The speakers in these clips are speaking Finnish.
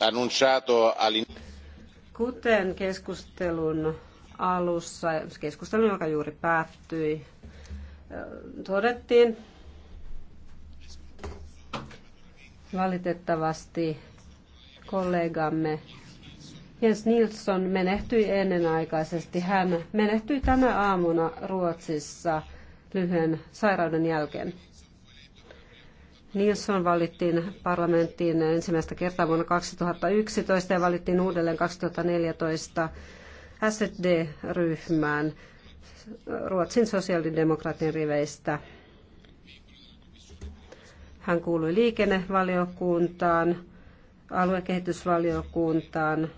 annunciato all'inizio. Kuten keskustelun alussa, keskustelun, joka juuri päättyi, todettiin valitettavasti kollegamme Jens Nilsson menehtyi ennenaikaisesti. Hän menehtyi tänä aamuna Ruotsissa lyhyen sairauden jälkeen. Nilsson valittiin parlamenttiin ensimmäistä kertaa vuonna 2011 ja valittiin uudelleen 2014 SD-ryhmään Ruotsin sosiaalidemokraatin riveistä. Hän kuului liikennevaliokuntaan, aluekehitysvaliokuntaan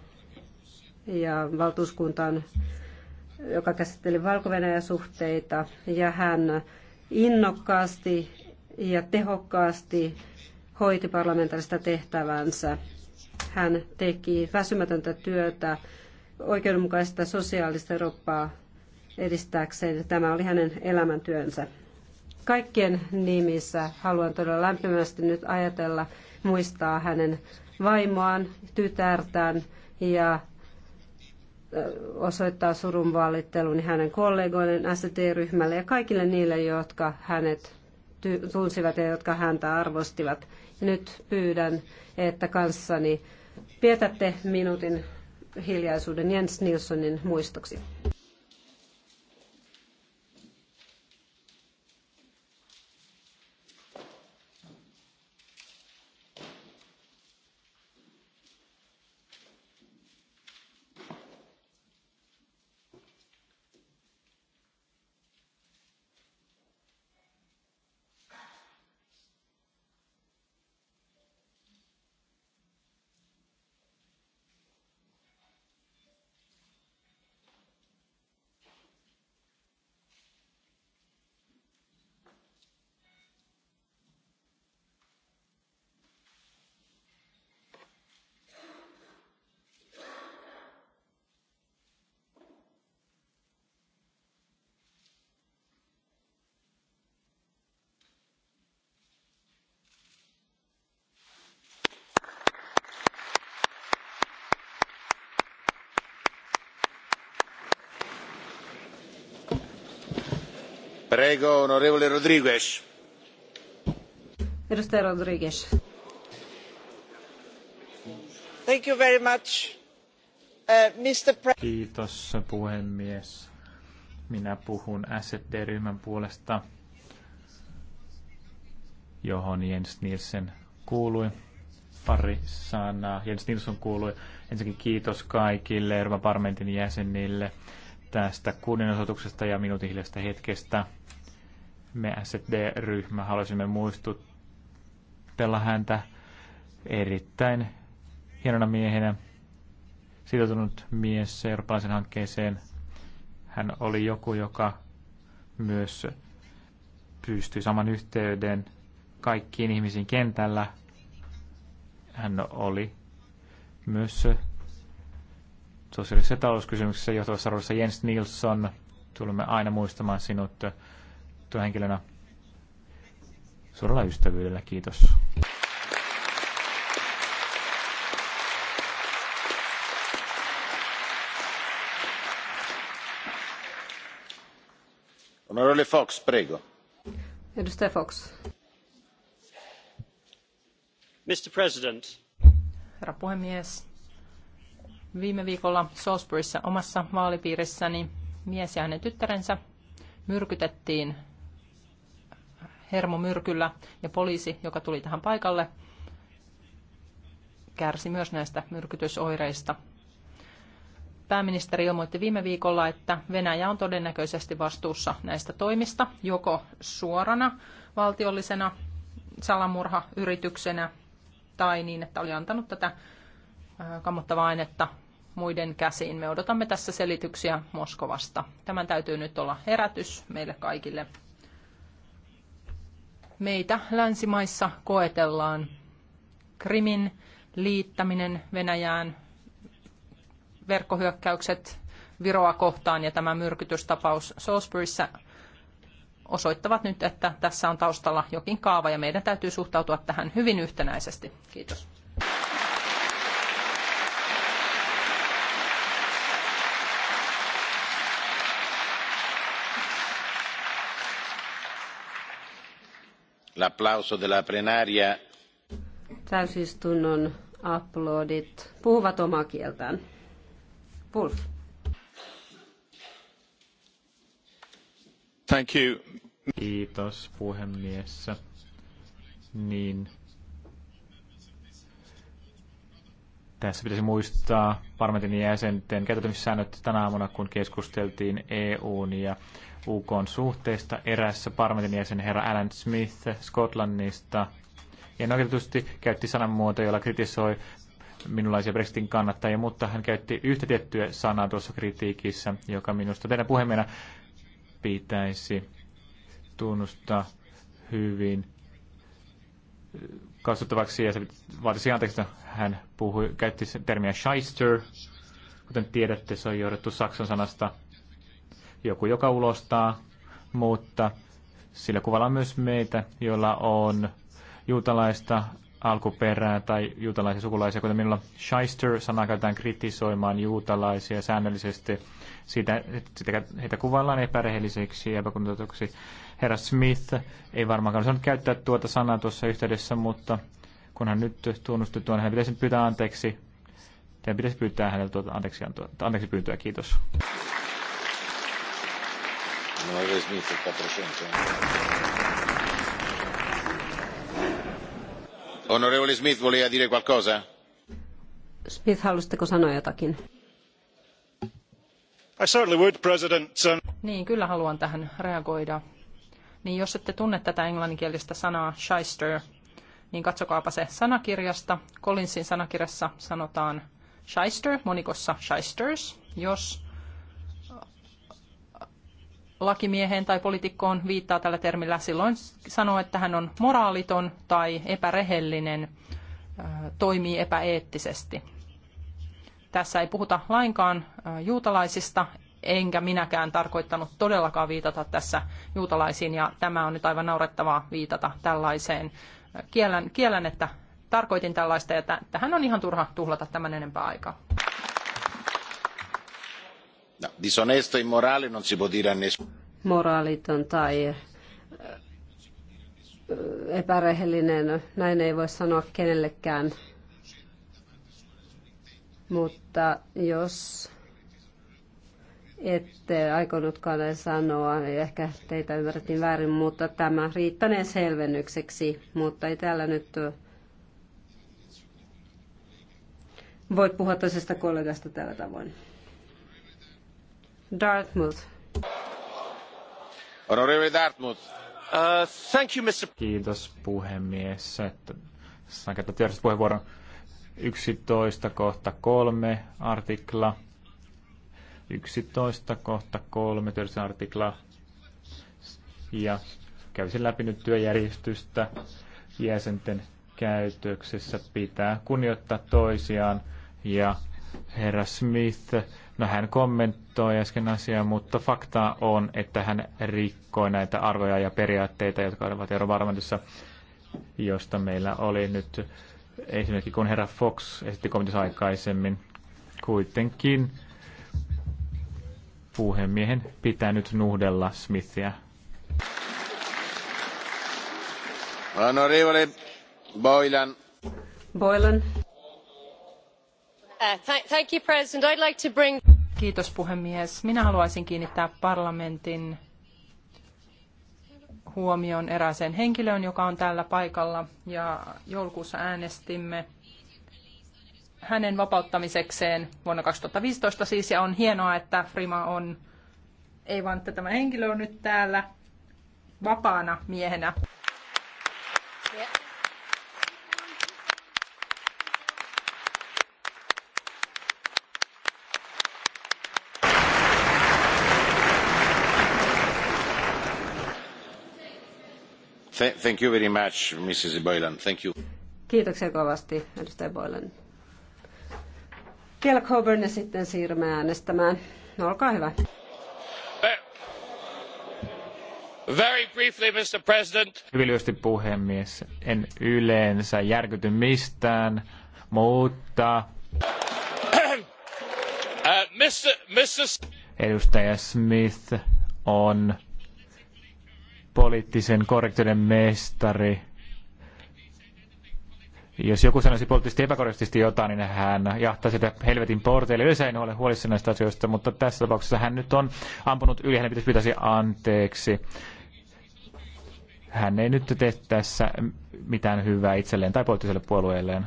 ja valtuuskuntaan, joka käsitteli valko suhteita. Ja hän innokkaasti ja tehokkaasti hoiti parlamentaarista tehtävänsä. Hän teki väsymätöntä työtä oikeudenmukaista sosiaalista Eurooppaa edistääkseen. Tämä oli hänen elämäntyönsä. Kaikkien nimissä haluan todella lämpimästi nyt ajatella, muistaa hänen vaimoaan, tytärtään ja osoittaa surun hänen kollegoilleen, sd ryhmälle ja kaikille niille, jotka hänet tunsivat ja jotka häntä arvostivat. Nyt pyydän, että kanssani pietätte minuutin hiljaisuuden Jens Nilssonin muistoksi. Prego, Thank you very much, uh, Mr. Kiitos puhemies. Minä puhun SED-ryhmän puolesta, johon Jens Nielsen kuului pari sanaa. Jens Nilsson kuului ensinnäkin kiitos kaikille Euroopan parlamentin jäsenille tästä osoituksesta ja minuutin hiljaisesta hetkestä. Me SD-ryhmä haluaisimme muistutella häntä erittäin hienona miehenä, sitoutunut mies eurooppalaisen hankkeeseen. Hän oli joku, joka myös pystyi saman yhteyden kaikkiin ihmisiin kentällä. Hän oli myös sosiaalisessa talouskysymyksessä johtavassa roolissa Jens Nilsson. Tulemme aina muistamaan sinut tuon henkilönä suurella ystävyydellä. Kiitos. Honorable Fox, prego. Edustaja Fox. Mr. President. Herra puhemies, Viime viikolla Salisburyssa omassa vaalipiirissäni mies ja hänen tyttärensä myrkytettiin hermomyrkyllä ja poliisi, joka tuli tähän paikalle, kärsi myös näistä myrkytysoireista. Pääministeri ilmoitti viime viikolla, että Venäjä on todennäköisesti vastuussa näistä toimista, joko suorana valtiollisena salamurhayrityksenä tai niin, että oli antanut tätä Äh, kammottavaa ainetta muiden käsiin. Me odotamme tässä selityksiä Moskovasta. Tämän täytyy nyt olla herätys meille kaikille. Meitä länsimaissa koetellaan Krimin liittäminen Venäjään, verkkohyökkäykset Viroa kohtaan ja tämä myrkytystapaus Salisburyssä osoittavat nyt, että tässä on taustalla jokin kaava ja meidän täytyy suhtautua tähän hyvin yhtenäisesti. Kiitos. L'applauso della plenaria. Täysistunnon aplodit puhuvat omaa kieltään. Wolf. Thank you. Kiitos puhemies. Niin. Tässä pitäisi muistaa parlamentin jäsenten käytettävissä säännöt tänä aamuna, kun keskusteltiin EUn ja UKn suhteista. Erässä parlamentin jäsen herra Alan Smith Skotlannista enoiketetusti käytti sananmuotoja, jolla kritisoi minunlaisia Brexitin kannattajia, mutta hän käytti yhtä tiettyä sanaa tuossa kritiikissä, joka minusta teidän puhemiena pitäisi tunnustaa hyvin katsottavaksi ja se vaatisi anteeksi, että hän puhui, käytti termiä shyster. Kuten tiedätte, se on johdettu saksan sanasta joku, joka ulostaa, mutta sillä kuvalla on myös meitä, joilla on juutalaista alkuperää tai juutalaisia sukulaisia, kuten minulla shyster sana käytetään kritisoimaan juutalaisia säännöllisesti. Siitä, sitä, heitä kuvaillaan epärehelliseksi ja epäkuntoutuksi. Herra Smith ei varmaankaan saanut käyttää tuota sanaa tuossa yhteydessä, mutta kun hän nyt tunnusti tuon, hän pitäisi pyytää anteeksi. Teidän pitäisi pyytää häneltä tuota anteeksi, anteeksi pyyntöä. Kiitos. No aveți nicio ca președinte. ¿eh? Onorevole Smith, volea dire qualcosa? Smith, halusitteko sanoa jotakin? I certainly would, President. Um, niin, kyllä haluan tähän reagoida. Niin jos ette tunne tätä englanninkielistä sanaa shyster, niin katsokaapa se sanakirjasta. Collinsin sanakirjassa sanotaan shyster, monikossa shysters. Jos lakimieheen tai poliitikkoon viittaa tällä termillä, silloin sanoo, että hän on moraaliton tai epärehellinen, toimii epäeettisesti. Tässä ei puhuta lainkaan juutalaisista, enkä minäkään tarkoittanut todellakaan viitata tässä juutalaisiin, ja tämä on nyt aivan naurettavaa viitata tällaiseen. Kiellän, että tarkoitin tällaista, ja tähän on ihan turha tuhlata tämän enempää aikaa. No, disonesto e immorale non si può dire a nessuno. Moraaliton tai epärehellinen, näin ei voi sanoa kenellekään. Mutta jos ette aikonutkaan sanoa, niin ehkä teitä ymmärrettiin väärin, mutta tämä riittänee selvennykseksi, mutta ei täällä nyt voi puhua toisesta kollegasta tällä tavoin. Dartmouth. Honorable Dartmouth. Uh, thank you, Mr. Kiitos puhemies, että saan käyttää puheenvuoron. 11 kohta 3 artikla. 11 kohta 3 artikla. Ja kävisin läpi nyt työjärjestystä jäsenten käytöksessä. Pitää kunnioittaa toisiaan ja herra Smith No hän kommentoi äsken asiaa, mutta faktaa on, että hän rikkoi näitä arvoja ja periaatteita, jotka olivat eurovarmentissa, josta meillä oli nyt esimerkiksi kun herra Fox esitti kommentissa aikaisemmin. Kuitenkin puhemiehen pitää nyt nuhdella Smithia. Honorable Boylan. Boylan. Uh, thank you, President. I'd like to bring Kiitos puhemies. Minä haluaisin kiinnittää parlamentin huomion erääseen henkilöön, joka on täällä paikalla ja joulukuussa äänestimme hänen vapauttamisekseen vuonna 2015 siis ja on hienoa, että Frima on, ei vaan että tämä henkilö on nyt täällä vapaana miehenä. Thank you very much, Mrs. Boylan. Thank you. Kiitoksia kovasti, edustaja Boylan. Vielä Coburn ja sitten siirrymme äänestämään. No, olkaa hyvä. Uh, very briefly, Mr. President. Hyvin lyhyesti puhemies. En yleensä järkyty mistään, mutta... Uh, Mr. Mrs. Edustaja Smith on poliittisen korrektiuden mestari. Jos joku sanoisi poliittisesti epäkorrektisti jotain, niin hän jahtaa sitä helvetin porteille. Yleensä en ole huolissani näistä asioista, mutta tässä tapauksessa hän nyt on ampunut yli, hänen pitäisi pyytää anteeksi. Hän ei nyt tee tässä mitään hyvää itselleen tai poliittiselle puolueelleen.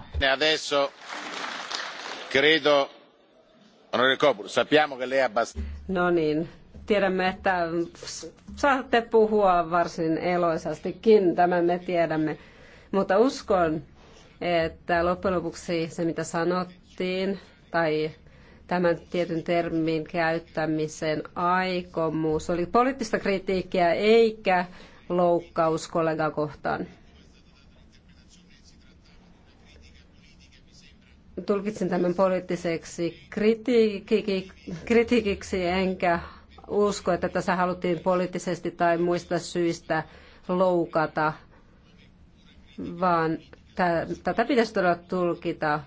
No niin, tiedämme, että saatte puhua varsin eloisastikin, tämän me tiedämme. Mutta uskon, että loppujen lopuksi se mitä sanottiin tai tämän tietyn termin käyttämisen aikomus oli poliittista kritiikkiä eikä loukkaus kollegaa kohtaan. Tulkitsin tämän poliittiseksi kritiikiksi, kritiikiksi enkä usko, että tässä haluttiin poliittisesti tai muista syistä loukata, vaan tätä pitäisi todella tulkita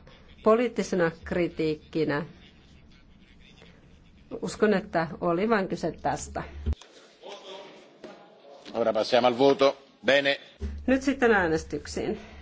poliittisena kritiikkinä. Uskon, että oli vain kyse tästä. Nyt sitten äänestyksiin.